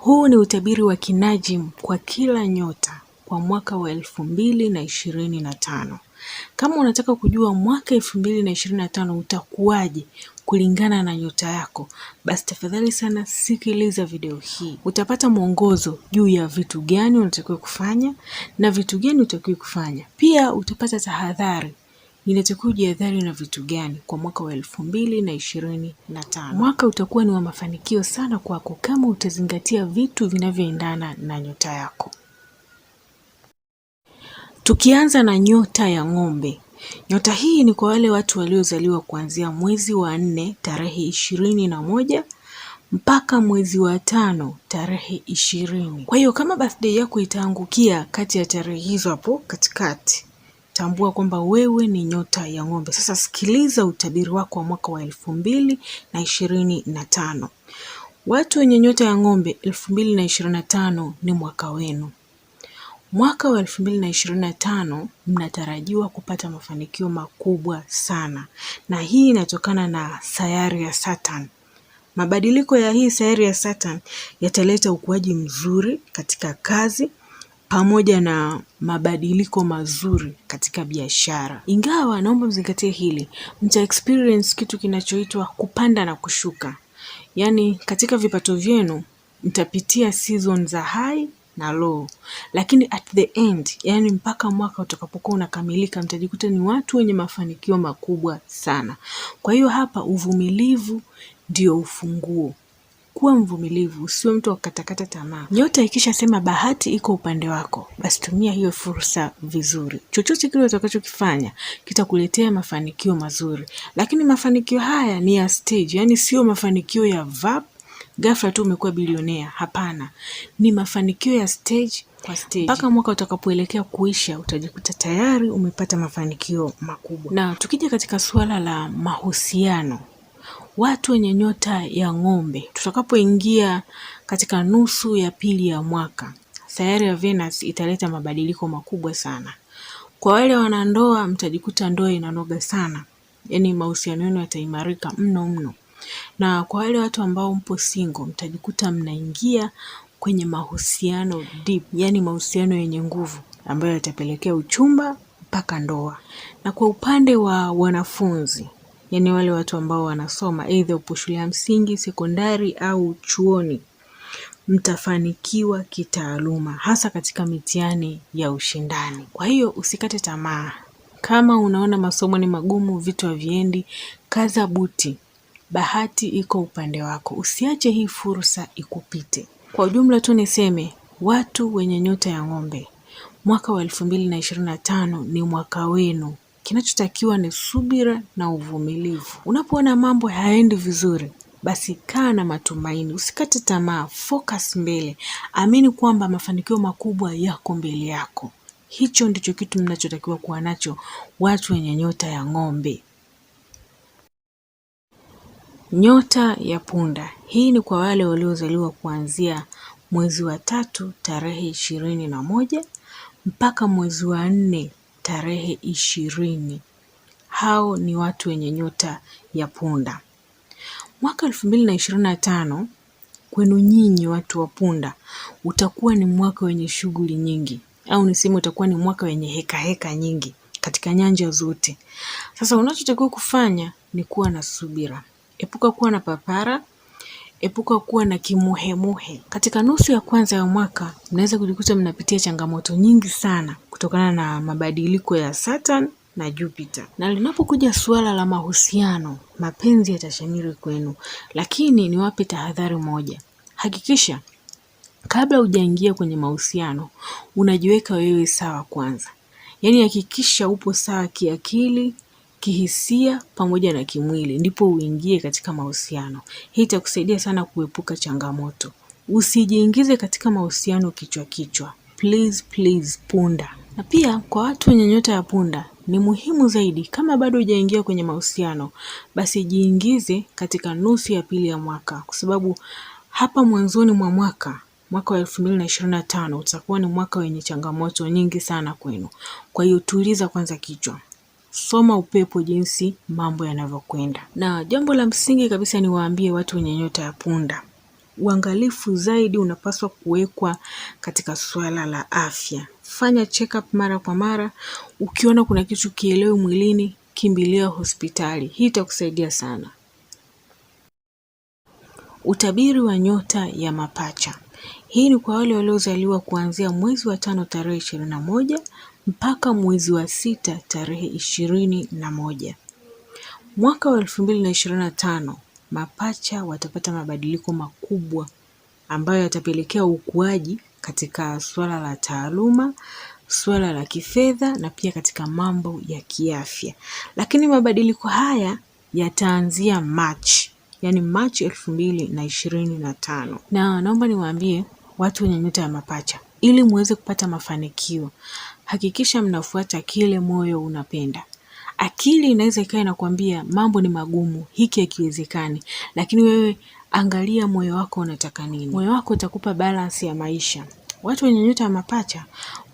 Huu ni utabiri wa kinajimu kwa kila nyota kwa mwaka wa elfu mbili na ishirini na tano. Kama unataka kujua mwaka elfu mbili na ishirini na tano utakuwaje kulingana na nyota yako, basi tafadhali sana sikiliza video hii. Utapata mwongozo juu ya vitu gani unatakiwa kufanya na vitu gani utakiwa kufanya. Pia utapata tahadhari inatakiwa ujiadhari na vitu gani kwa mwaka wa elfu mbili na ishirini na tano. Mwaka utakuwa ni wa mafanikio sana kwako kama utazingatia vitu vinavyoendana na nyota yako. Tukianza na nyota ya ng'ombe. Nyota hii ni kwa wale watu waliozaliwa kuanzia mwezi wa nne tarehe ishirini na moja mpaka mwezi wa tano tarehe ishirini. Kwa hiyo kama birthday yako itaangukia kati ya tarehe hizo hapo katikati, tambua kwamba wewe ni nyota ya ng'ombe. Sasa sikiliza utabiri wako wa mwaka wa elfu mbili na ishirini na tano. Watu wenye nyota ya ng'ombe, elfu mbili na ishirini na tano ni mwaka wenu. Mwaka wa elfu mbili na ishirini na tano mnatarajiwa kupata mafanikio makubwa sana, na hii inatokana na sayari ya Saturn. Mabadiliko ya hii sayari ya Saturn yataleta ukuaji mzuri katika kazi, pamoja na mabadiliko mazuri katika biashara. Ingawa naomba mzingatie hili, mta experience kitu kinachoitwa kupanda na kushuka, yaani katika vipato vyenu mtapitia season za high na low, lakini at the end, yani mpaka mwaka utakapokuwa unakamilika, mtajikuta ni watu wenye mafanikio makubwa sana. Kwa hiyo hapa uvumilivu ndio ufunguo kuwa mvumilivu, usiwe mtu wa kukatakata tamaa. Nyota ikishasema bahati iko upande wako, basi tumia hiyo fursa vizuri. Chochote kile utakachokifanya kitakuletea mafanikio mazuri, lakini mafanikio haya ni ya stage, yani sio mafanikio ya vap ghafla tu umekuwa bilionea. Hapana, ni mafanikio ya stage kwa stage. Mpaka mwaka utakapoelekea kuisha, utajikuta tayari umepata mafanikio makubwa. Na tukija katika suala la mahusiano Watu wenye nyota ya ng'ombe, tutakapoingia katika nusu ya pili ya mwaka, sayari ya Venus italeta mabadiliko makubwa sana. Kwa wale wanandoa, mtajikuta ndoa inanoga sana, yaani mahusiano yenu yataimarika mno mno, na kwa wale watu ambao mpo single, mtajikuta mnaingia kwenye mahusiano deep, yani mahusiano yenye nguvu ambayo yatapelekea uchumba mpaka ndoa. Na kwa upande wa wanafunzi yani wale watu ambao wanasoma aidha upo shule ya msingi, sekondari au chuoni, mtafanikiwa kitaaluma hasa katika mitihani ya ushindani. Kwa hiyo usikate tamaa. Kama unaona masomo ni magumu, vitu haviendi, kaza buti. Bahati iko upande wako, usiache hii fursa ikupite. Kwa ujumla tu niseme watu wenye nyota ya ng'ombe, mwaka wa elfu mbili na ishirini na tano ni mwaka wenu. Kinachotakiwa ni subira na uvumilivu. Unapoona mambo hayaendi vizuri, basi kaa na matumaini, usikate tamaa, focus mbele, amini kwamba mafanikio makubwa yako mbele yako. Hicho ndicho kitu mnachotakiwa kuwa nacho watu wenye nyota ya ng'ombe. Nyota ya punda, hii ni kwa wale waliozaliwa kuanzia mwezi wa tatu tarehe ishirini na moja mpaka mwezi wa nne tarehe ishirini. Hao ni watu wenye nyota ya punda. Mwaka elfu mbili na ishirini na tano kwenu nyinyi watu wa punda utakuwa ni mwaka wenye shughuli nyingi, au niseme utakuwa ni mwaka wenye hekaheka heka nyingi katika nyanja zote. Sasa unachotakiwa kufanya ni kuwa na subira, epuka kuwa na papara epuka kuwa na kimuhemuhe. Katika nusu ya kwanza ya mwaka, mnaweza kujikuta mnapitia changamoto nyingi sana kutokana na mabadiliko ya Saturn na Jupiter. Na linapokuja suala la mahusiano, mapenzi yatashamiri kwenu, lakini niwape tahadhari moja. Hakikisha kabla hujaingia kwenye mahusiano unajiweka wewe sawa kwanza, yaani hakikisha upo sawa kiakili, kihisia pamoja na kimwili, ndipo uingie katika mahusiano. Hii itakusaidia sana kuepuka changamoto. Usijiingize katika mahusiano kichwa kichwa, please please punda. Na pia kwa watu wenye nyota ya punda ni muhimu zaidi, kama bado hujaingia kwenye mahusiano, basi jiingize katika nusu ya pili ya mwaka, kwa sababu hapa mwanzoni mwa mwaka mwaka wa elfu mbili na ishirini na tano utakuwa ni mwaka wenye changamoto nyingi sana kwenu. Kwa hiyo tuliza kwanza kichwa. Soma upepo jinsi mambo yanavyokwenda. Na jambo la msingi kabisa, niwaambie watu wenye nyota ya punda, uangalifu zaidi unapaswa kuwekwa katika suala la afya. Fanya check up mara kwa mara. Ukiona kuna kitu kielewi mwilini, kimbilia hospitali. Hii itakusaidia sana. Utabiri wa nyota ya mapacha. Hii ni kwa wale waliozaliwa kuanzia mwezi wa tano tarehe ishirini na moja mpaka mwezi wa sita tarehe ishirini na moja. Mwaka wa elfu mbili na ishirini na tano mapacha watapata mabadiliko makubwa ambayo yatapelekea ukuaji katika swala la taaluma, swala la kifedha na pia katika mambo ya kiafya. Lakini mabadiliko haya yataanzia Machi, yaani Machi elfu mbili na ishirini na tano. Na naomba niwaambie watu wenye nyota ya mapacha ili muweze kupata mafanikio, hakikisha mnafuata kile moyo unapenda. Akili inaweza ikawa inakwambia mambo ni magumu, hiki hakiwezekani, lakini wewe angalia moyo wako unataka nini. Moyo wako utakupa balansi ya maisha. Watu wenye nyota ya mapacha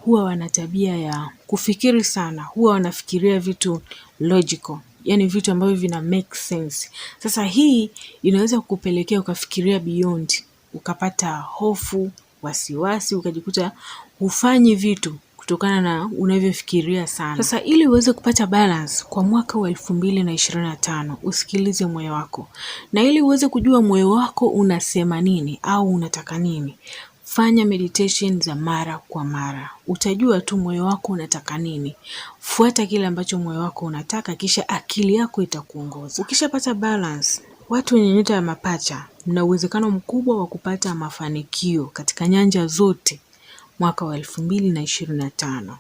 huwa wana tabia ya kufikiri sana, huwa wanafikiria vitu logical, yani vitu ambavyo vina make sense. Sasa hii inaweza kukupelekea ukafikiria beyond, ukapata hofu wasiwasi, ukajikuta hufanyi vitu kutokana na unavyofikiria sana. Sasa ili uweze kupata balance kwa mwaka wa elfu mbili na ishirini na tano usikilize moyo wako, na ili uweze kujua moyo wako unasema nini au unataka nini, fanya meditation za mara kwa mara. Utajua tu moyo wako unataka nini. Fuata kile ambacho moyo wako unataka, kisha akili yako itakuongoza. Ukishapata balance Watu wenye nyota ya mapacha mna uwezekano mkubwa wa kupata mafanikio katika nyanja zote mwaka wa 2025.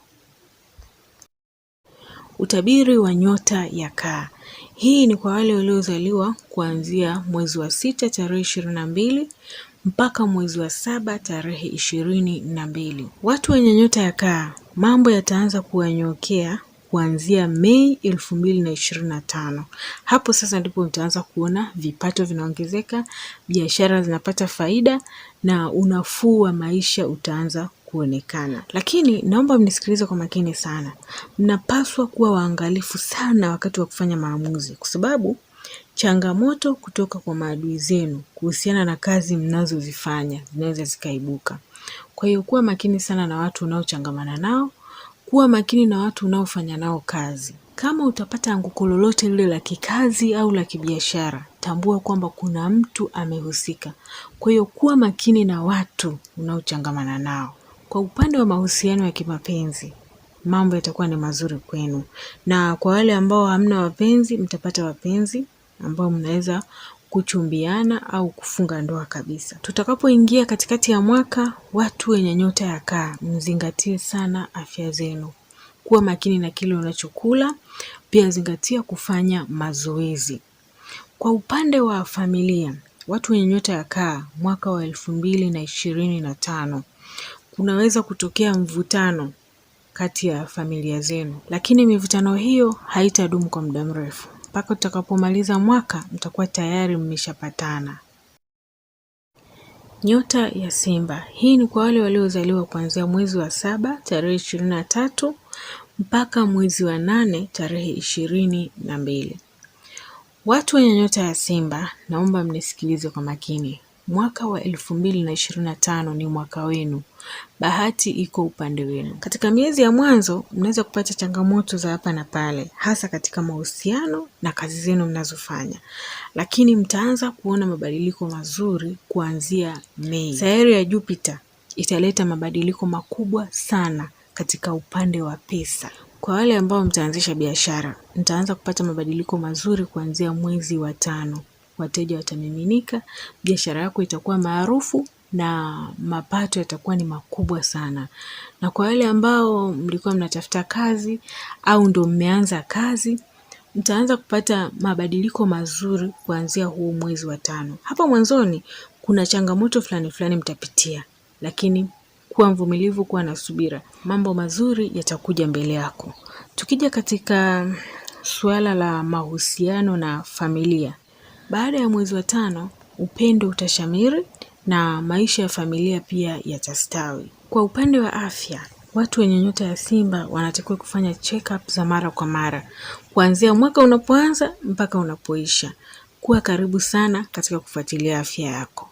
Utabiri wa nyota ya kaa. Hii ni kwa wale waliozaliwa kuanzia mwezi wa sita tarehe ishirini na mbili mpaka mwezi wa saba tarehe ishirini na mbili. Watu wenye nyota ya kaa, mambo yataanza kuwanyokea kuanzia Mei elfu mbili na ishirini na tano. Hapo sasa ndipo utaanza kuona vipato vinaongezeka, biashara zinapata faida na unafuu wa maisha utaanza kuonekana. Lakini naomba mnisikilize kwa makini sana, mnapaswa kuwa waangalifu sana wakati wa kufanya maamuzi, kwa sababu changamoto kutoka kwa maadui zenu kuhusiana na kazi mnazozifanya zinaweza zikaibuka. Kwa hiyo kuwa makini sana na watu unaochangamana nao kuwa makini na watu unaofanya nao kazi. Kama utapata anguko lolote lile la kikazi au la kibiashara, tambua kwamba kuna mtu amehusika. Kwa hiyo kuwa makini na watu unaochangamana nao. Kwa upande wa mahusiano ya kimapenzi, mambo yatakuwa ni mazuri kwenu, na kwa wale ambao hamna wapenzi, mtapata wapenzi ambao mnaweza kuchumbiana au kufunga ndoa kabisa. Tutakapoingia katikati ya mwaka, watu wenye nyota ya kaa, mzingatie sana afya zenu. Kuwa makini na kile unachokula, pia zingatia kufanya mazoezi. Kwa upande wa familia, watu wenye nyota ya kaa mwaka wa elfu mbili na ishirini na tano kunaweza kutokea mvutano kati ya familia zenu, lakini mivutano hiyo haitadumu kwa muda mrefu mpaka utakapomaliza mwaka mtakuwa tayari mmeshapatana. Nyota ya Simba hii ni kwa wale waliozaliwa kuanzia mwezi wa saba tarehe ishirini na tatu mpaka mwezi wa nane tarehe ishirini na mbili. Watu wenye nyota ya Simba, naomba mnisikilize kwa makini. Mwaka wa elfu mbili na ishirini na tano ni mwaka wenu, bahati iko upande wenu. Katika miezi ya mwanzo mnaweza kupata changamoto za hapa na pale, hasa katika mahusiano na kazi zenu mnazofanya, lakini mtaanza kuona mabadiliko mazuri kuanzia Mei. Sayari ya Jupita italeta mabadiliko makubwa sana katika upande wa pesa. Kwa wale ambao mtaanzisha biashara, mtaanza kupata mabadiliko mazuri kuanzia mwezi wa tano wateja watamiminika, biashara yako itakuwa maarufu na mapato yatakuwa ni makubwa sana. Na kwa wale ambao mlikuwa mnatafuta kazi au ndo mmeanza kazi, mtaanza kupata mabadiliko mazuri kuanzia huu mwezi wa tano. Hapa mwanzoni kuna changamoto fulani fulani mtapitia, lakini kuwa mvumilivu, kuwa na subira, mambo mazuri yatakuja mbele yako. Tukija katika suala la mahusiano na familia, baada ya mwezi wa tano, upendo utashamiri na maisha ya familia pia yatastawi. Kwa upande wa afya, watu wenye nyota ya Simba wanatakiwa kufanya check-up za mara kwa mara kuanzia mwaka unapoanza mpaka unapoisha. Kuwa karibu sana katika kufuatilia afya yako.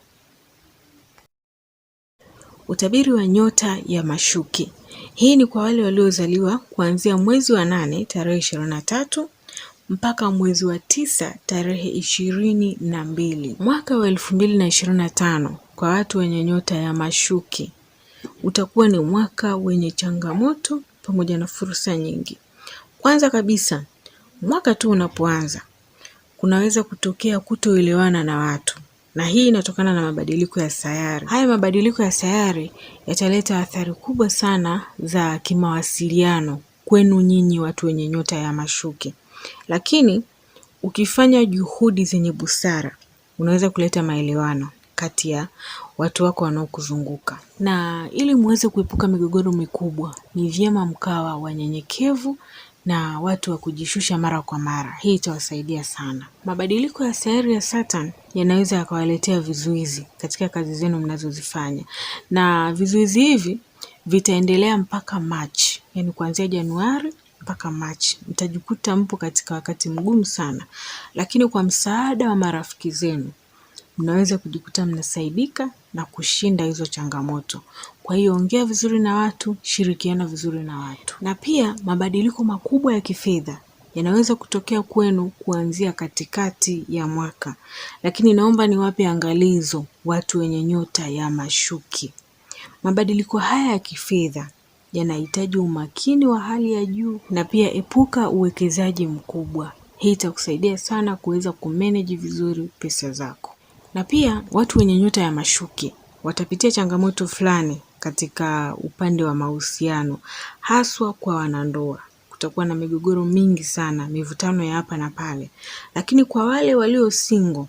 Utabiri wa nyota ya Mashuki. Hii ni kwa wale waliozaliwa kuanzia mwezi wa nane tarehe ishirini na tatu mpaka mwezi wa tisa tarehe ishirini na mbili mwaka wa elfu mbili na ishirini na tano kwa watu wenye nyota ya mashuki utakuwa ni mwaka wenye changamoto pamoja na fursa nyingi. Kwanza kabisa, mwaka tu unapoanza kunaweza kutokea kutoelewana na watu, na hii inatokana na mabadiliko ya sayari. Haya mabadiliko ya sayari yataleta athari kubwa sana za kimawasiliano kwenu nyinyi watu wenye nyota ya mashuke. Lakini ukifanya juhudi zenye busara, unaweza kuleta maelewano kati ya watu wako wanaokuzunguka. Na ili muweze kuepuka migogoro mikubwa, ni vyema mkawa wanyenyekevu na watu wa kujishusha mara kwa mara. Hii itawasaidia sana. Mabadiliko ya sayari ya Saturn yanaweza yakawaletea vizuizi katika kazi zenu mnazozifanya, na vizuizi hivi vitaendelea mpaka Machi, yani kuanzia Januari mpaka Machi. Mtajikuta mpo katika wakati mgumu sana, lakini kwa msaada wa marafiki zenu mnaweza kujikuta mnasaidika na kushinda hizo changamoto. Kwa hiyo ongea vizuri na watu, shirikiana vizuri na watu. Na pia mabadiliko makubwa ya kifedha yanaweza kutokea kwenu kuanzia katikati ya mwaka, lakini naomba niwape angalizo watu wenye nyota ya mashuki. Mabadiliko haya ya kifedha yanahitaji umakini wa hali ya juu na pia epuka uwekezaji mkubwa. Hii itakusaidia sana kuweza kumanage vizuri pesa zako. Na pia watu wenye nyota ya mashuke watapitia changamoto fulani katika upande wa mahusiano, haswa kwa wanandoa. Kutakuwa na migogoro mingi sana, mivutano ya hapa na pale, lakini kwa wale walio single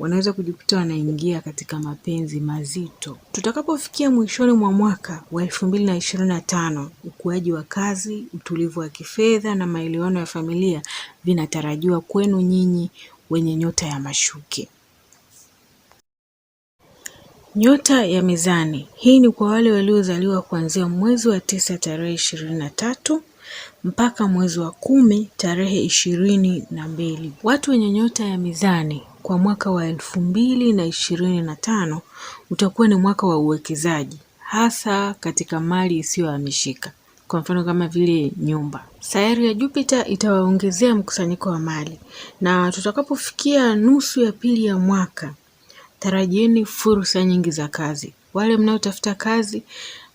wanaweza kujikuta wanaingia katika mapenzi mazito. Tutakapofikia mwishoni mwa mwaka wa elfu mbili na ishirini na tano, ukuaji wa kazi, utulivu wa kifedha na maelewano ya familia vinatarajiwa kwenu nyinyi wenye nyota ya mashuke. Nyota ya mezani hii ni kwa wale waliozaliwa kuanzia mwezi wa tisa tarehe ishirini na tatu mpaka mwezi wa kumi tarehe ishirini na mbili. Watu wenye nyota ya mizani kwa mwaka wa elfu mbili na ishirini na tano utakuwa ni mwaka wa uwekezaji hasa katika mali isiyohamishika kwa mfano kama vile nyumba. Sayari ya Jupita itawaongezea mkusanyiko wa mali, na tutakapofikia nusu ya pili ya mwaka, tarajieni fursa nyingi za kazi. Wale mnaotafuta kazi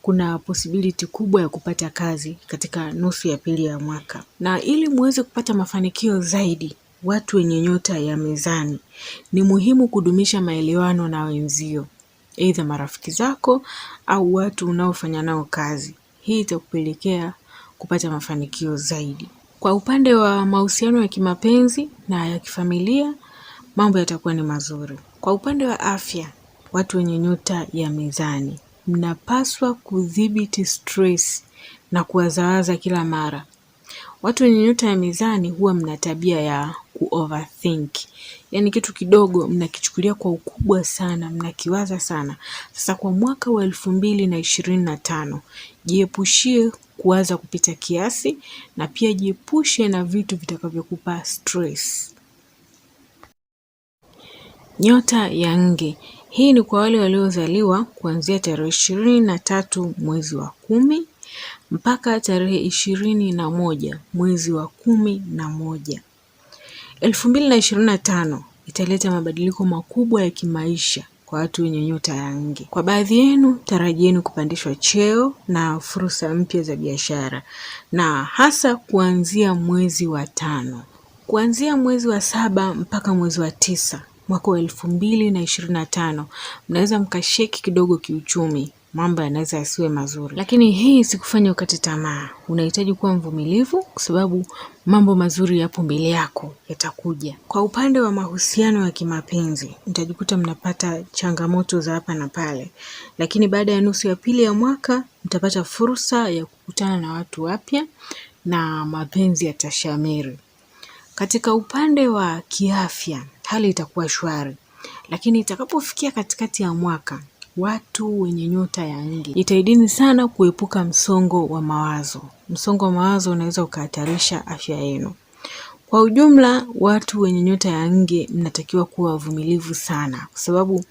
kuna posibiliti kubwa ya kupata kazi katika nusu ya pili ya mwaka, na ili muweze kupata mafanikio zaidi, watu wenye nyota ya mezani, ni muhimu kudumisha maelewano na wenzio, aidha marafiki zako au watu unaofanya nao kazi. Hii itakupelekea kupata mafanikio zaidi. Kwa upande wa mahusiano ya kimapenzi na ya kifamilia, mambo yatakuwa ni mazuri. Kwa upande wa afya, watu wenye nyota ya mezani mnapaswa kudhibiti stress na kuwazawaza kila mara. Watu wenye nyota ya mizani huwa mna tabia ya kuoverthink, yaani kitu kidogo mnakichukulia kwa ukubwa sana, mnakiwaza sana. Sasa kwa mwaka wa elfu mbili na ishirini na tano jiepushie kuwaza kupita kiasi, na pia jiepushe na vitu vitakavyokupa stress. Nyota ya nge hii ni kwa wale waliozaliwa kuanzia tarehe ishirini na tatu mwezi wa kumi mpaka tarehe ishirini na moja mwezi wa kumi na moja. Elfu mbili na ishirini na tano italeta mabadiliko makubwa ya kimaisha kwa watu wenye nyota ya nge. Kwa baadhi yenu, tarajieni kupandishwa cheo na fursa mpya za biashara, na hasa kuanzia mwezi wa tano. Kuanzia mwezi wa saba mpaka mwezi wa tisa mwaka wa elfu mbili na ishirini na tano mnaweza mkasheki kidogo kiuchumi, mambo yanaweza yasiwe mazuri, lakini hii sikufanya ukate tamaa. Unahitaji kuwa mvumilivu, kwa sababu mambo mazuri yapo mbele yako, yatakuja. Kwa upande wa mahusiano ya kimapenzi, mtajikuta mnapata changamoto za hapa na pale, lakini baada ya nusu ya pili ya mwaka mtapata fursa ya kukutana na watu wapya na mapenzi yatashamiri. Katika upande wa kiafya hali itakuwa shwari, lakini itakapofikia katikati ya mwaka watu wenye nyota ya nge, itaidini sana kuepuka msongo wa mawazo. Msongo wa mawazo unaweza ukahatarisha afya yenu. Kwa ujumla, watu wenye nyota ya nge mnatakiwa kuwa wavumilivu sana, kwa sababu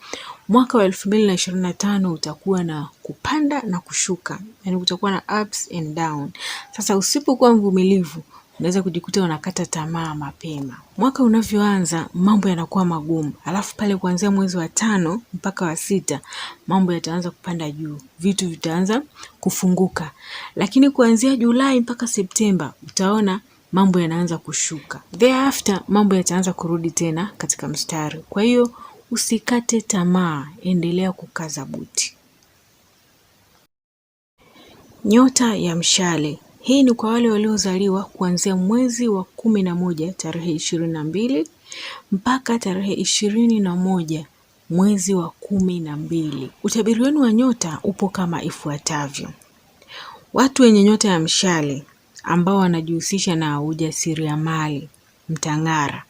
mwaka wa elfu mbili na ishirini na tano utakuwa na kupanda na kushuka, yani utakuwa na ups and down. Sasa usipokuwa mvumilivu unaweza kujikuta unakata tamaa mapema. Mwaka unavyoanza mambo yanakuwa magumu, alafu pale kuanzia mwezi wa tano mpaka wa sita mambo yataanza kupanda juu, vitu vitaanza kufunguka, lakini kuanzia Julai mpaka Septemba utaona mambo yanaanza kushuka, thereafter mambo yataanza kurudi tena katika mstari. Kwa hiyo usikate tamaa, endelea kukaza buti. Nyota ya mshale hii ni kwa wale waliozaliwa kuanzia mwezi wa kumi na moja tarehe ishirini na mbili mpaka tarehe ishirini na moja mwezi wa kumi na mbili. Utabiri wenu wa nyota upo kama ifuatavyo: watu wenye nyota ya mshale ambao wanajihusisha na ujasiriamali mtang'ara,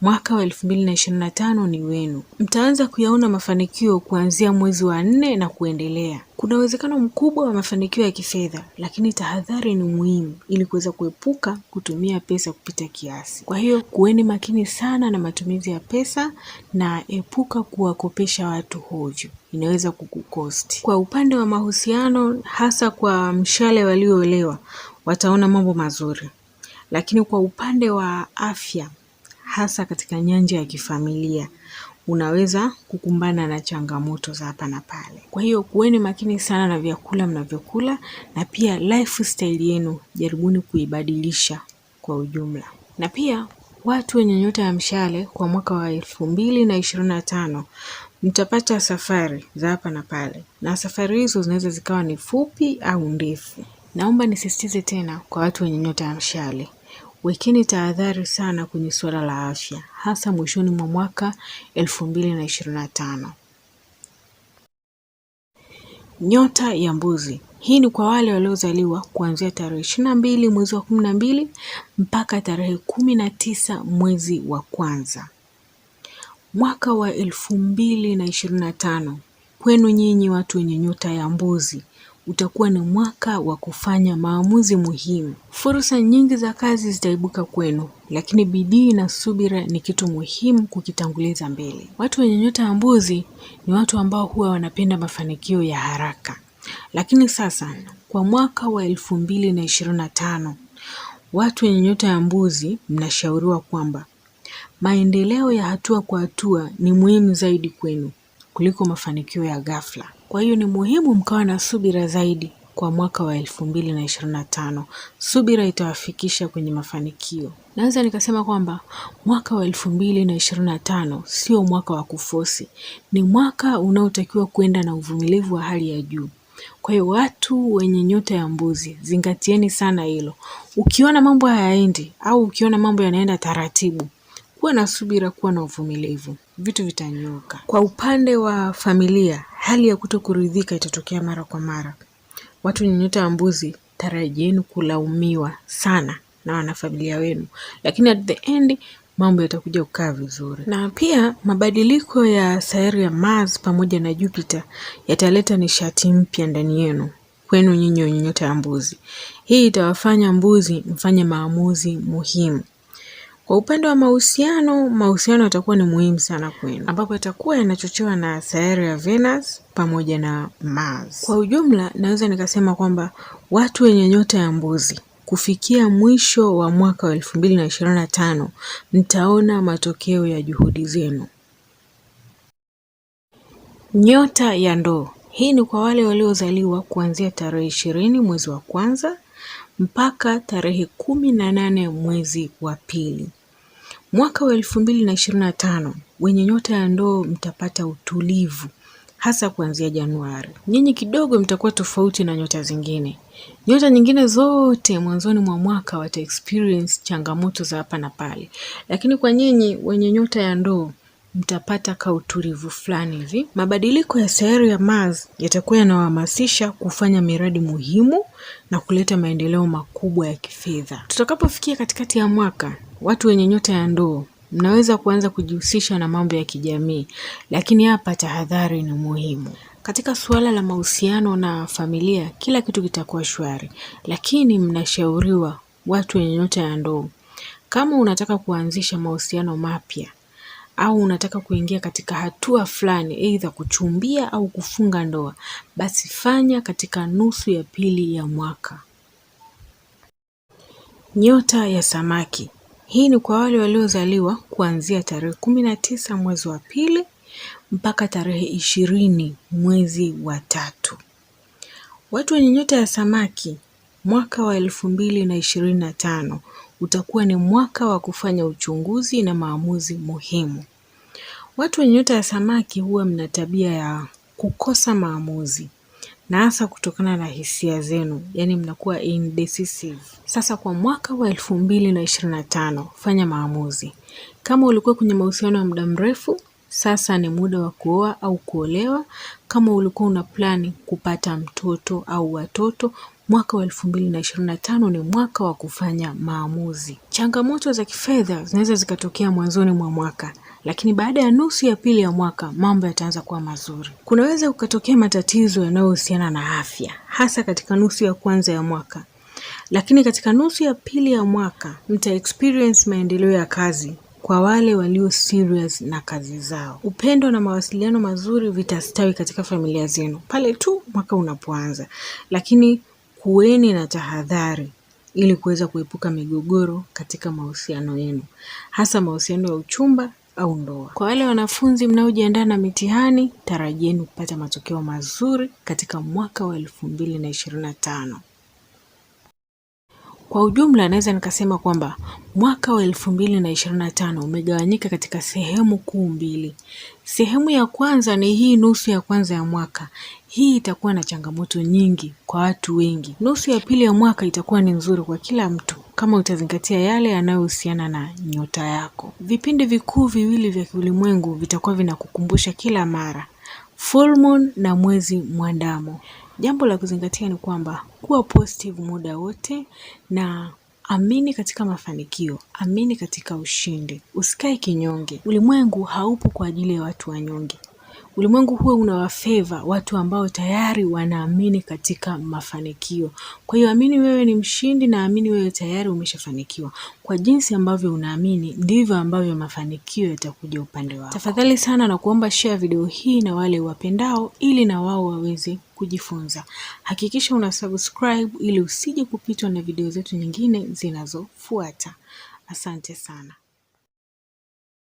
Mwaka wa 2025 ni wenu. Mtaanza kuyaona mafanikio kuanzia mwezi wa nne na kuendelea. Kuna uwezekano mkubwa wa mafanikio ya kifedha, lakini tahadhari ni muhimu ili kuweza kuepuka kutumia pesa kupita kiasi. Kwa hiyo kuweni makini sana na matumizi ya pesa na epuka kuwakopesha watu hovyo, inaweza kukukosti. Kwa upande wa mahusiano, hasa kwa mshale walioolewa, wataona mambo mazuri, lakini kwa upande wa afya hasa katika nyanja ya kifamilia unaweza kukumbana na changamoto za hapa na pale. Kwa hiyo kuweni makini sana na vyakula mnavyokula, na pia lifestyle yenu jaribuni kuibadilisha kwa ujumla. Na pia watu wenye nyota ya mshale kwa mwaka wa elfu mbili na ishirini na tano mtapata safari za hapa na pale, na safari hizo zinaweza zikawa ni fupi au ndefu. Naomba nisisitize tena kwa watu wenye nyota ya mshale Wekeni tahadhari sana kwenye suala la afya, hasa mwishoni mwa mwaka 2025. Nyota ya mbuzi. Hii ni kwa wale waliozaliwa kuanzia tarehe 22 mwezi wa 12 mpaka tarehe 19 mwezi wa kwanza mwaka wa 2025. Kwenu nyinyi watu wenye nyota ya mbuzi, utakuwa ni mwaka wa kufanya maamuzi muhimu. Fursa nyingi za kazi zitaibuka kwenu, lakini bidii na subira ni kitu muhimu kukitanguliza mbele. Watu wenye nyota ya mbuzi ni watu ambao huwa wanapenda mafanikio ya haraka, lakini sasa kwa mwaka wa elfu mbili na ishirini na tano watu wenye nyota ya mbuzi mnashauriwa kwamba maendeleo ya hatua kwa hatua ni muhimu zaidi kwenu kuliko mafanikio ya ghafla. Kwa hiyo ni muhimu mkawa na subira zaidi kwa mwaka wa elfu mbili na ishirini na tano. Subira itawafikisha kwenye mafanikio. Naweza nikasema kwamba mwaka wa elfu mbili na ishirini na tano sio mwaka wa kufosi, ni mwaka unaotakiwa kwenda na uvumilivu wa hali ya juu. Kwa hiyo watu wenye nyota ya mbuzi, zingatieni sana hilo. Ukiona mambo hayaendi au ukiona mambo yanaenda taratibu, kuwa na subira, kuwa na uvumilivu, vitu vitanyoka Kwa upande wa familia, Hali ya kuto kuridhika itatokea mara kwa mara. Watu wenye nyota ya mbuzi, tarajieni kulaumiwa sana na wanafamilia wenu, lakini at the end mambo yatakuja kukaa vizuri. Na pia mabadiliko ya sayari ya Mars pamoja na Jupiter yataleta nishati mpya ndani yenu kwenu nyinyi wenye nyota ya mbuzi. Hii itawafanya mbuzi mfanye maamuzi muhimu. Kwa upande wa mahusiano, mahusiano yatakuwa ni muhimu sana kwenu, ambapo yatakuwa yanachochewa na sayari ya Venus pamoja na Mars. Kwa ujumla, naweza nikasema kwamba watu wenye nyota ya mbuzi kufikia mwisho wa mwaka wa elfu mbili na ishirini na tano mtaona matokeo ya juhudi zenu. Nyota ya ndoo hii ni kwa wale waliozaliwa kuanzia tarehe ishirini mwezi wa kwanza mpaka tarehe kumi na nane mwezi wa pili. Mwaka wa elfu mbili na ishirini na tano wenye nyota ya ndoo mtapata utulivu hasa kuanzia Januari. Nyinyi kidogo mtakuwa tofauti na nyota zingine. Nyota nyingine zote mwanzoni mwa mwaka wata experience changamoto za hapa na pale, lakini kwa nyinyi wenye nyota ya ndoo mtapata ka utulivu fulani hivi. Mabadiliko ya sayari ya Mars yatakuwa yanawahamasisha kufanya miradi muhimu na kuleta maendeleo makubwa ya kifedha. Tutakapofikia katikati ya mwaka, watu wenye nyota ya ndoo mnaweza kuanza kujihusisha na mambo ya kijamii, lakini hapa tahadhari ni muhimu. Katika suala la mahusiano na familia, kila kitu kitakuwa shwari, lakini mnashauriwa, watu wenye nyota ya ndoo, kama unataka kuanzisha mahusiano mapya au unataka kuingia katika hatua fulani, aidha kuchumbia au kufunga ndoa, basi fanya katika nusu ya pili ya mwaka. Nyota ya samaki. Hii ni kwa wale waliozaliwa kuanzia tarehe kumi na tisa mwezi wa pili mpaka tarehe ishirini mwezi wa tatu. Watu wenye nyota ya samaki mwaka wa elfu mbili na ishirini na tano utakuwa ni mwaka wa kufanya uchunguzi na maamuzi muhimu. Watu wenye nyota ya samaki huwa mna tabia ya kukosa maamuzi na hasa kutokana na hisia zenu, yani mnakuwa indecisive. Sasa kwa mwaka wa elfu mbili na ishirini na tano fanya maamuzi. Kama ulikuwa kwenye mahusiano ya muda mrefu, sasa ni muda wa kuoa au kuolewa. Kama ulikuwa una plani kupata mtoto au watoto, Mwaka wa elfu mbili na ishirini na tano ni mwaka wa kufanya maamuzi. Changamoto za kifedha zinaweza zikatokea mwanzoni mwa mwaka, lakini baada ya nusu ya pili ya mwaka mambo yataanza kuwa mazuri. Kunaweza kukatokea matatizo yanayohusiana na afya, hasa katika nusu ya kwanza ya mwaka, lakini katika nusu ya pili ya mwaka mta experience maendeleo ya kazi kwa wale walio serious na kazi zao. Upendo na mawasiliano mazuri vitastawi katika familia zenu pale tu mwaka unapoanza, lakini kuweni na tahadhari ili kuweza kuepuka migogoro katika mahusiano yenu, hasa mahusiano ya uchumba au ndoa. Kwa wale wanafunzi mnaojiandaa na mitihani, tarajieni kupata matokeo mazuri katika mwaka wa elfu mbili na ishirini na tano. Kwa ujumla naweza nikasema kwamba mwaka wa elfu mbili na ishirini na tano umegawanyika katika sehemu kuu mbili. Sehemu ya kwanza ni hii nusu ya kwanza ya mwaka hii itakuwa na changamoto nyingi kwa watu wengi. Nusu ya pili ya mwaka itakuwa ni nzuri kwa kila mtu kama utazingatia yale yanayohusiana na nyota yako. Vipindi vikuu viwili vya kiulimwengu vitakuwa vinakukumbusha kila mara, full moon na mwezi mwandamo. Jambo la kuzingatia ni kwamba kuwa positive muda wote na amini katika mafanikio, amini katika ushindi, usikae kinyonge. Ulimwengu haupo kwa ajili ya watu wanyonge. Ulimwengu huo unawafeva watu ambao tayari wanaamini katika mafanikio. Kwa hiyo amini wewe ni mshindi na amini wewe tayari umeshafanikiwa. Kwa jinsi ambavyo unaamini ndivyo ambavyo mafanikio yatakuja upande wako. Tafadhali sana na kuomba share video hii na wale wapendao ili na wao waweze kujifunza. Hakikisha una subscribe ili usije kupitwa na video zetu nyingine zinazofuata. Asante sana.